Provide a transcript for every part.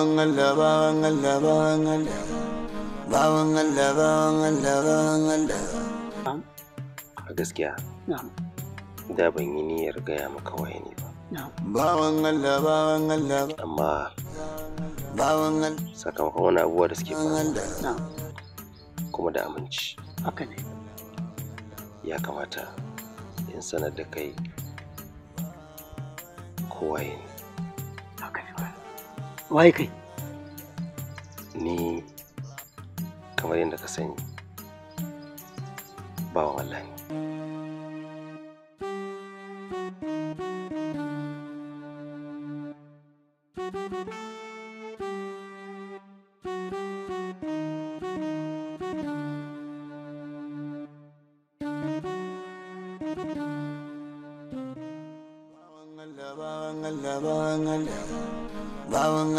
a gaskiya da ban yi niyyar gaya maka waye ne ba amma sakamakon wani abubuwa da suke faruwa kuma da aminci ya kamata in sanar da kai kowa ne waye kai ni kamar yadda ka sani ba wallahi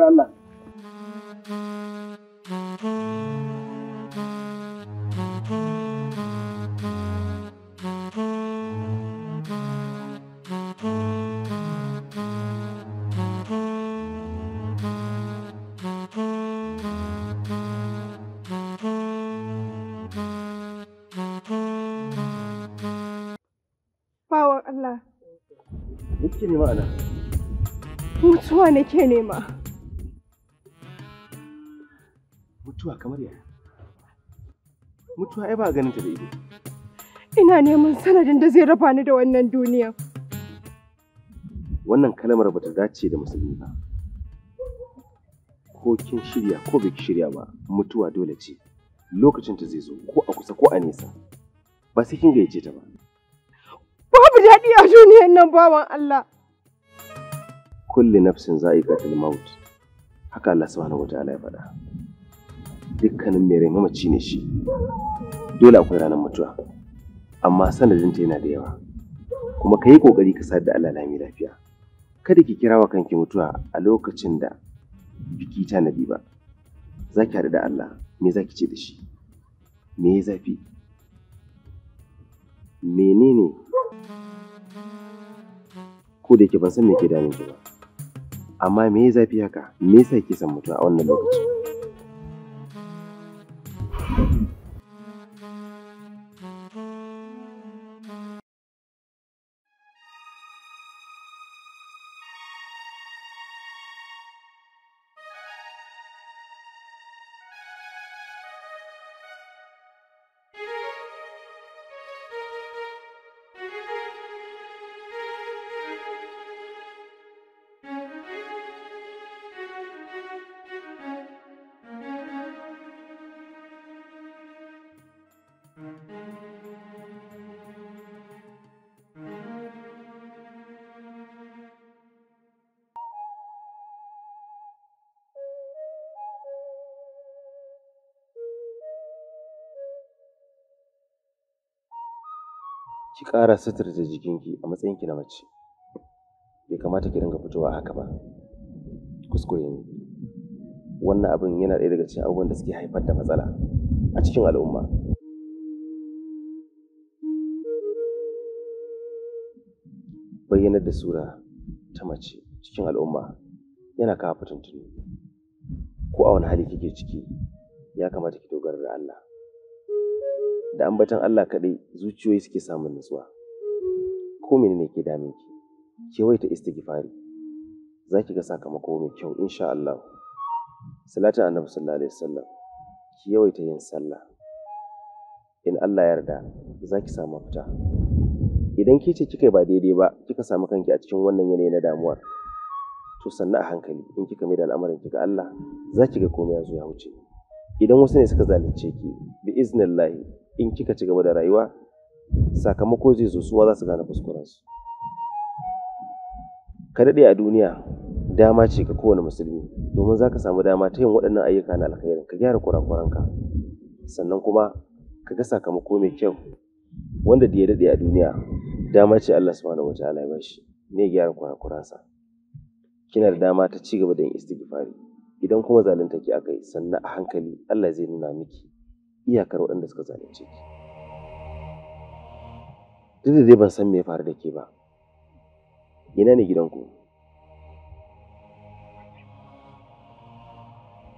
saboda Allah Allah. Mutuwa nake nema. mutuwa kamar yaya mutuwa ai ba ganin ta da ido ina neman sanadin da zai raba ni da wannan duniya wannan kalmar ba ta dace da musulmi ba ko kin shirya ko bai shirya ba mutuwa dole ce lokacin ta zai zo ko a kusa ko a nesa ba sai kin gayyace ta ba babu daɗi a duniyan nan bawan Allah kulli nafsin za'iqatul maut haka Allah subhanahu ta'ala ya faɗa dukkanin mai rai mamaci ne shi dole akwai ranar mutuwa amma sanadinta yana da yawa kuma ka yi ƙoƙari ka sadar da Allah lami lafiya kada ki kira wa kanki mutuwa a lokacin da biki ta nabi ba za ki da Allah me za ki ce da shi me ya zafi menene ko da yake ban san me ke damun ki ba amma me ya zafi haka me yasa kike son mutuwa a wannan lokacin ki ƙara suturta jikinki a matsayinki na mace bai kamata ki ringa fitowa haka ba kuskure ne wannan abin yana ɗaya daga cikin abubuwan da suke haifar da matsala a cikin al'umma bayyanar da sura ta mace cikin al'umma yana kawo fitintunu ko a wani hali kike ciki ya kamata ki dogara da Allah da ambatan Allah kaɗai zuciyoyi suke samun nutsuwa ko menene ke damun ki ki yawaita istighfari za ki ga sakamako mai kyau insha Allah Salatu annabi sallallahu alaihi wasallam ki yawaita yin sallah in Allah ya yarda za ki samu fita idan ke ce kika ba daidai ba kika samu kanki a cikin wannan yanayi na damuwar to sannan a hankali in kika mai da al'amarin ki ga Allah za ki ga komai ya zo ya wuce idan wasu ne suka zalunce ki bi iznillahi in kika ci gaba da rayuwa sakamako zai zo suwa za su gane kuskurensu ka daɗe a duniya dama ce ga kowane musulmi domin za ka samu dama ta yin waɗannan ayyuka na alkhairin ka gyara kurakuranka sannan kuma ka ga sakamako mai kyau wanda da ya daɗe a duniya dama ce Allah subhanahu wa ta'ala ya bashi ne gyara kurakuransa kina da dama ta ci gaba da yin istighfari idan kuma zalunta ki aka yi sannan a hankali Allah zai nuna miki iyakar waɗanda suka zalunce ki duk da dai ban san me ya faru da ke ba ina ne gidanku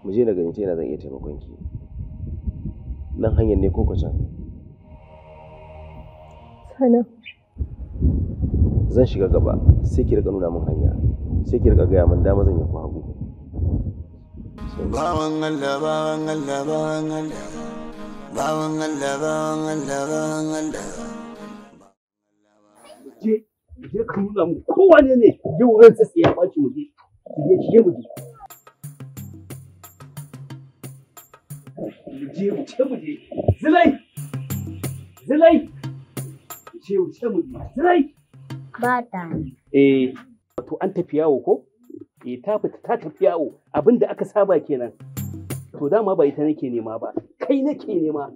mu je na ganin ta yana zan iya taimakon ki nan hanyar ne ko can sana zan shiga gaba sai ki rika nuna min hanya sai ki rika gaya min dama zan yi kwago bawan Allah bawan Allah bawan Allah bawan Allah kowane ne ba eh wato an tafi yawo ko ya eh, ta fita ta tafi yawo abin da aka saba kenan to dama ba ita nake nema ba kai nake nema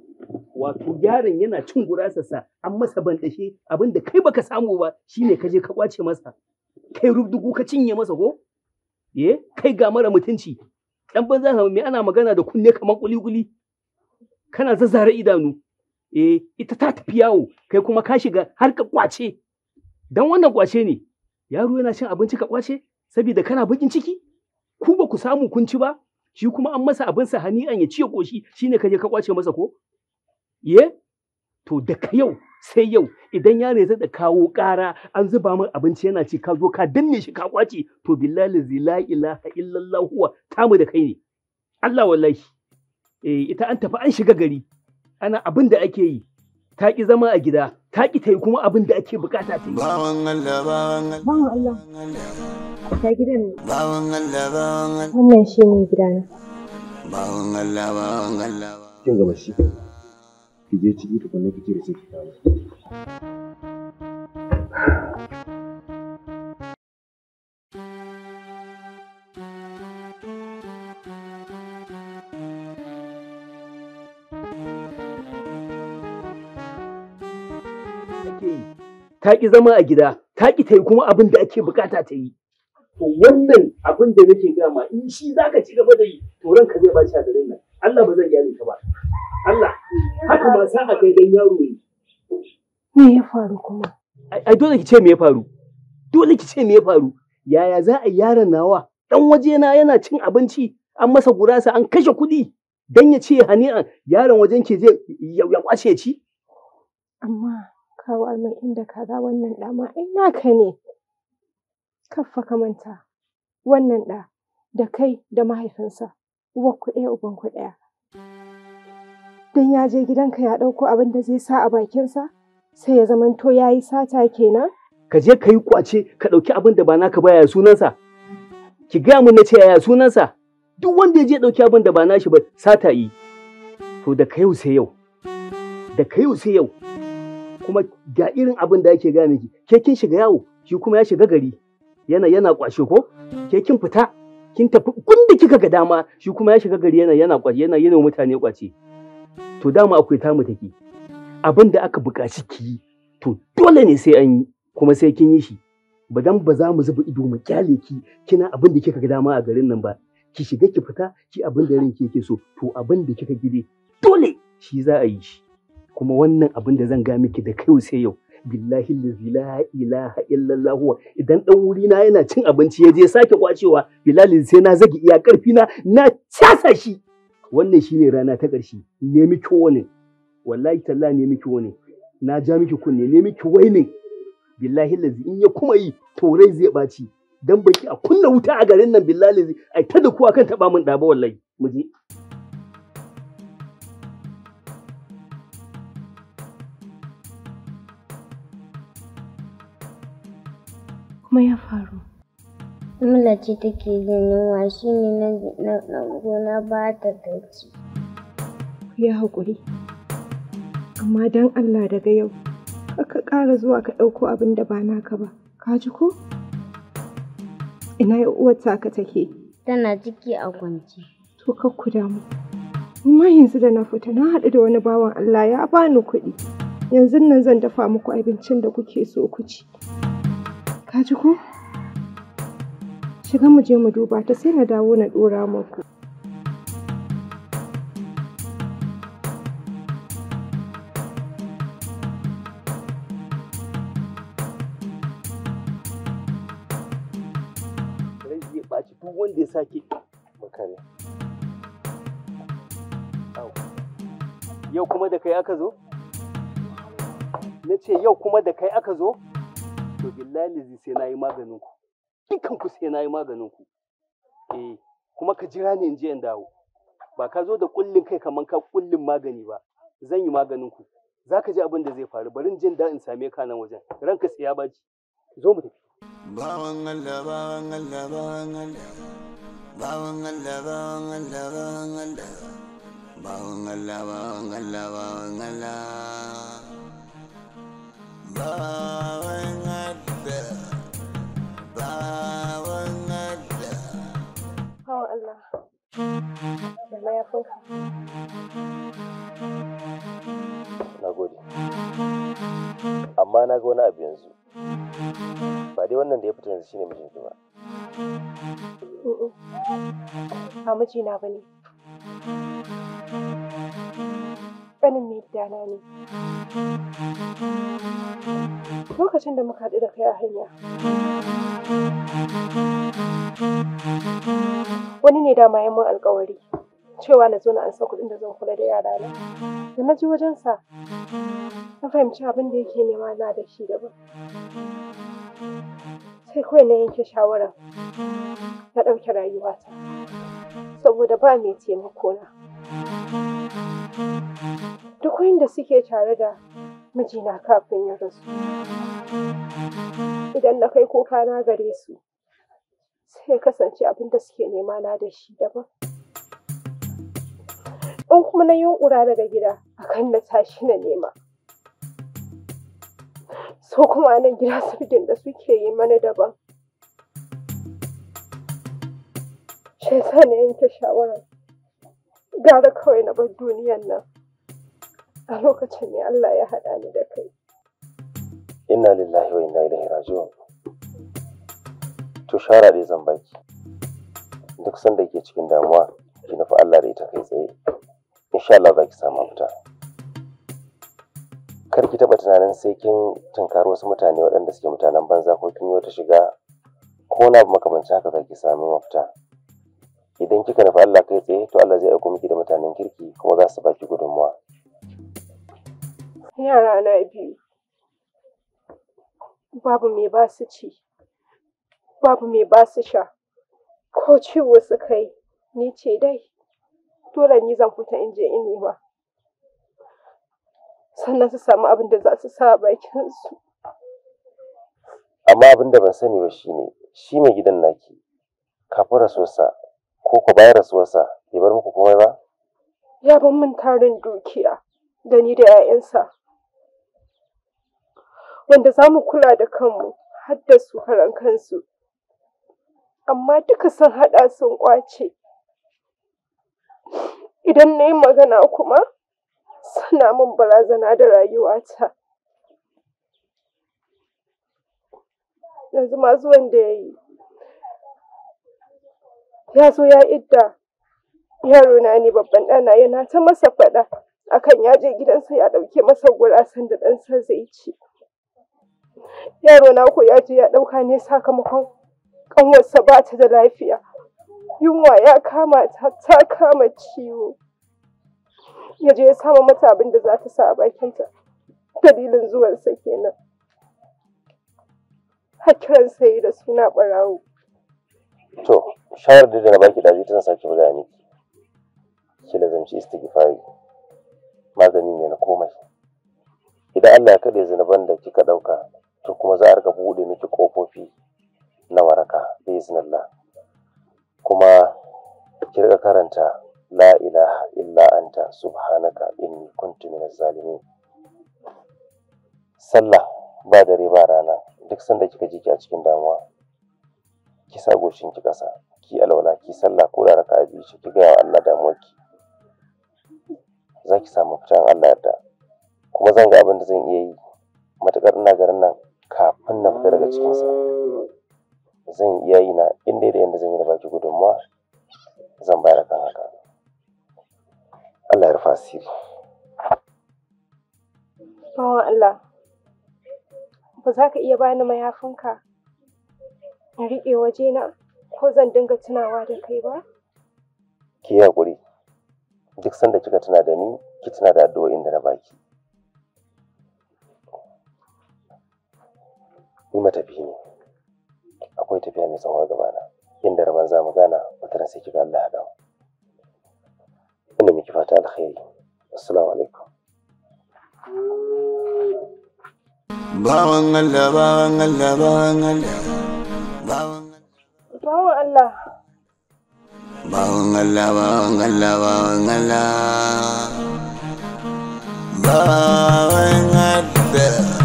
wato yaron yana cin gurasarsa an masa bandashe abin da kai baka samu ba shine ka je ka kwace masa kai rubdugu ka cinye masa ko eh kai ga mara mutunci dan banza me ana magana da kunne kamar kuli-kuli kana zazzara idanu eh ita ta tafi yawo kai kuma ka shiga har ka kwace dan wannan kwace ne yaro yana cin abinci ka kwace saboda kana bakin ciki ku ba ku samu kun ci ba shi kuma an masa abin sa hani an ya ciye koshi shine kaje ka kwace masa ko ye to da ka yau sai yau idan yaro ya da kawo kara an zuba min abinci yana ci ka zo ka danne shi ka kwace to billahi la ilaha illallah wa tamu da kai ne Allah wallahi eh ita an tafi an shiga gari ana abin da ake yi ta ki zama a gida ta ki ta yi kuma abin da ake bukata ta yi bawan Allah bawan Allah ta gidan bawan Allah bawan wannan shi ne gidana bawan Allah bawan Allah kin gama shi ki je ciki tukunna kike da ki ta ta ƙi zama a gida, ta ƙi ta yi kuma abin da ake bukata ta yi. to wannan abin da nake gaya ma in shi ka ci gaba da yi to ka zai baci a garin nan Allah ba zan gyare ka ba Allah haka ma sa kai dan yaro ne me ya faru kuma ai dole ki ce me ya faru dole ki ce me ya faru yaya za a yaron nawa dan wajena yana cin abinci an masa gurasa an kashe kuɗi dan ya ce hani'an yaron wajen ke je ya kwace ci amma kawo alman inda kaza wannan dama ai naka ne Kaffa ka manta, wannan ɗa da kai da mahaifinsa, uwarku ɗaya ubanku ɗaya. Don ya je gidanka ya ɗauko abin da zai sa a bakinsa, sai ya zamanto ya yi sata kenan? Ka je ka yi ƙwace ka ɗauki abin da ba naka ba ya sunansa. Ki gaya mun na ce yaya sunansa. Duk wanda ya je ɗauki abin da ba nashi ba sata yi. To da ka yau sai yau. Da ka yau sai yau. Kuma ga irin abin da ake gaya miki, ke kin shiga yawo, shi kuma ya shiga gari. yana yana kwashe ko ke kin fita kin tafi kun kika ga dama shi kuma ya shiga gari yana yana kwashe yana yana mutane kwace to dama akwai tamu take abin da aka buƙaci ki yi to dole ne sai an yi kuma sai kin yi shi ba dan ba za mu zuba ido mu kyale ki kina abin da kika ga dama a garin nan ba ki shiga ki fita ki abin da ranki yake so to abin da kika gide dole shi za a yi shi kuma wannan abin da zan ga miki da kai sai yau billahi la ilaha illallah idan dan wuri na yana cin abinci ya je sake kwacewa billahi sai na zagi iya karfi na na casa shi wannan shine rana ta karshe ne miki wani wallahi talla ne miki wani na ja miki kunne ne miki ne. billahi lazi in ya kuma yi torai zai baci dan baki a kunna wuta a garin nan billahi lazi ai ta da kuwa kan taba mun daba wallahi muje kuma ya faru? Mula ce take ganin yunwa shi ne na gona ba ta Ku Ya haƙuri, amma don Allah daga yau, ka ƙara zuwa ka ɗauko abin da ba naka ba, ka ji ko? Ina uwar taka take? Tana ciki a kwance. To kakku damu. Ni ma yanzu da na fita na haɗu da wani bawan Allah ya bani kuɗi. Yanzu nan zan dafa muku abincin da kuke so ku ci. Ka ji ko? Shiga mu je mu duba ta sai na dawo na ɗora muku. Yau kuma da kai aka zo? Na ce yau kuma da kai aka zo? to billahi sai na yi maganin ku dukkan ku sai na yi maganin ku eh kuma ka jira ni in je in dawo ba ka zo da kullin kai kaman ka kullin magani ba zan yi maganin ku za ka ji abin da zai faru bari jin da in same ka nan wajen ranka tsiya baci zo mu tafi bawan Allah bawan Allah bawan Allah bawan Allah bawan Allah bawan Allah bawan Allah bawan Allah bawan Allah bawan Allah bawan Allah bawan Allah na gode amma na ga wani abu yanzu ba dai wannan da ya fita yanzu shine mijinki ba ba mijina ba ne ƙanin mai na ne lokacin da muka haɗu da kai a hanya wani ne dama ya mun alkawari cewa na zo na ansa kuɗin da zan kula da yara na da na ji wajensa na fahimci abin da yake nema na da shi daban sai kawai na yanke shawara na ɗauke rayuwata saboda ba mai taimako na akwai inda suke tare da mijina kafin ya rasu. Idan na kai kuka na gare su, sai ya kasance abin da suke nema na da shi daban. In kuma na yunƙura daga gida, akan na tashi na nema. So kuma nan gida sirgin da suke yi mana daban. Shi na yanke shawarar, gara kawai na bar duniyan nan. a lokacin ne Allah ya haɗa ni da kai. Inna lillahi wa inna ilaihi raji'un. To shara dai zan baki. Duk sanda ke cikin damuwa ki nufi Allah da ita kai tsaye. Insha Allah za ki samu mafita. Kar ki taɓa tunanin sai kin tunkari wasu mutane waɗanda suke mutanen banza ko kin yi wata shiga ko na abu makamancin haka za ki samu mafita. Idan kika nufi Allah kai tsaye to Allah zai aiko miki da mutanen kirki kuma za su baki gudunmawa. Yara na biyu babu mai ba su ci babu mai ba su sha ko ciwo su kai ni ce dai dole ni zan fita in je in sannan su samu abin da za su sa bakinsu amma abin da ban sani ba shine shi mai gidan naki kafin rasuwarsa ko ku bayan rasuwarsa bai bar muku komai ba ya ban min tarin dukiya da ni da 'ya'yansa wanda za mu kula da kanmu har da su karan kansu amma duka sun haɗa sun kwace. idan na yi magana kuma suna min barazana da rayuwata yanzu ma zuwan da ya yi ya zo ya idda yarona ne babban ɗana yana ta masa faɗa akan ya je gidansa ya ɗauke masa gurasan da ɗansa zai ci yaro na ko ya je ya ɗauka ne sakamakon ƙanwarsa ba ta da lafiya yunwa ya kama ta ta kama ciwo ya je ya samu mata abin da za ta sa a bakinta dalilin zuwansa kenan hakiran sai da suna ɓarawo to shawar da na baki daji tun sake buga miki ki lazanci istighfari magani ne na komai idan Allah ya kade zunuban da kika ɗauka to kuma za a riga buɗe miki ƙofofi na waraka biiznillah kuma ki riƙa karanta la ilaha illa anta subhanaka inni kuntu minaz zalimin sallah ba dare ba rana duk sanda kika ji ki a cikin damuwa ki sa goshin ki ƙasa ki alwala ki sallah ko da raka'a biyu ce ki gaya wa Allah damuwarki za ki samu fitan Allah yadda kuma zan ga abin da zan iya yi matuƙar ina garin nan kafin na fita daga cikinsa zan iya yi na inda da yadda zan yi da baki gudunmuwa zan bayar kan haka Allah ya rufa asiri Bawan oh, Allah ba za ka iya bani mayafinka in riƙe waje na ko zan dinga tunawa da kai ba ki yi hakuri, duk sanda kika tuna da ni ki tuna da addu'o'in da na baki ni matafi ne akwai tafiya mai tsawo gaba na inda raban za mu gana wata sai kiga Allah ya dawo ina fata alkhairi assalamu alaikum bawan Allah bawan Allah bawan Allah bawan Allah bawan Allah bawan Allah bawan Allah bawan Allah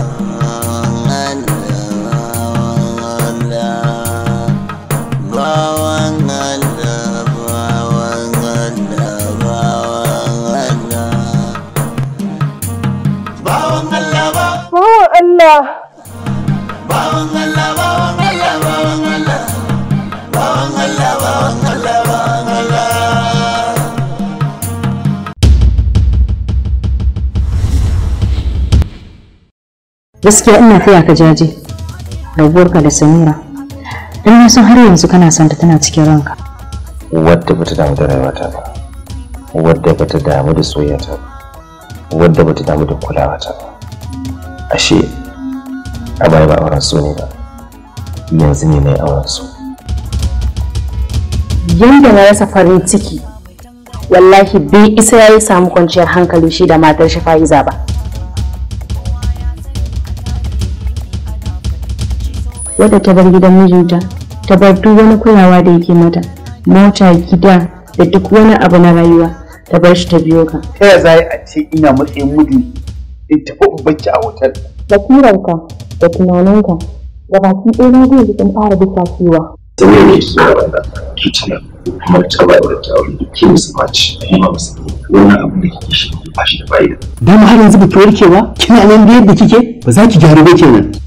gaskiya ina taya ka jaje ka da samira don na san har yanzu kana son ta tana cikin ranka wadda bata damu da rayuwata ba wadda bata damu da soyayyata ba wadda bata damu da kulawata ba ashe a baya ba auren so ne ba yanzu ne na yi auren so yadda na rasa farin ciki wallahi bai isa ya yi samu kwanciyar hankali shi da matar shi fa'iza ba wadda ta bar gidan mijinta ta bar duk wani kulawa da yake mata mota gida da duk wani abu na rayuwa ta bar shi ta biyo ka ta ya za a ce ina matsayin mudu in tafi bacci a hotel da kiranka da tunaninka da baki ɗaya na zai jikin fara bisa cewa ta ne ke zuwa da tutuna kuma ta ba da tawon ke musu baci kuma musu wannan abu da kike shi ba shi da fa'ida dama har yanzu ba ki warkewa kina nan da yadda kike ba za ki gyaru ba kenan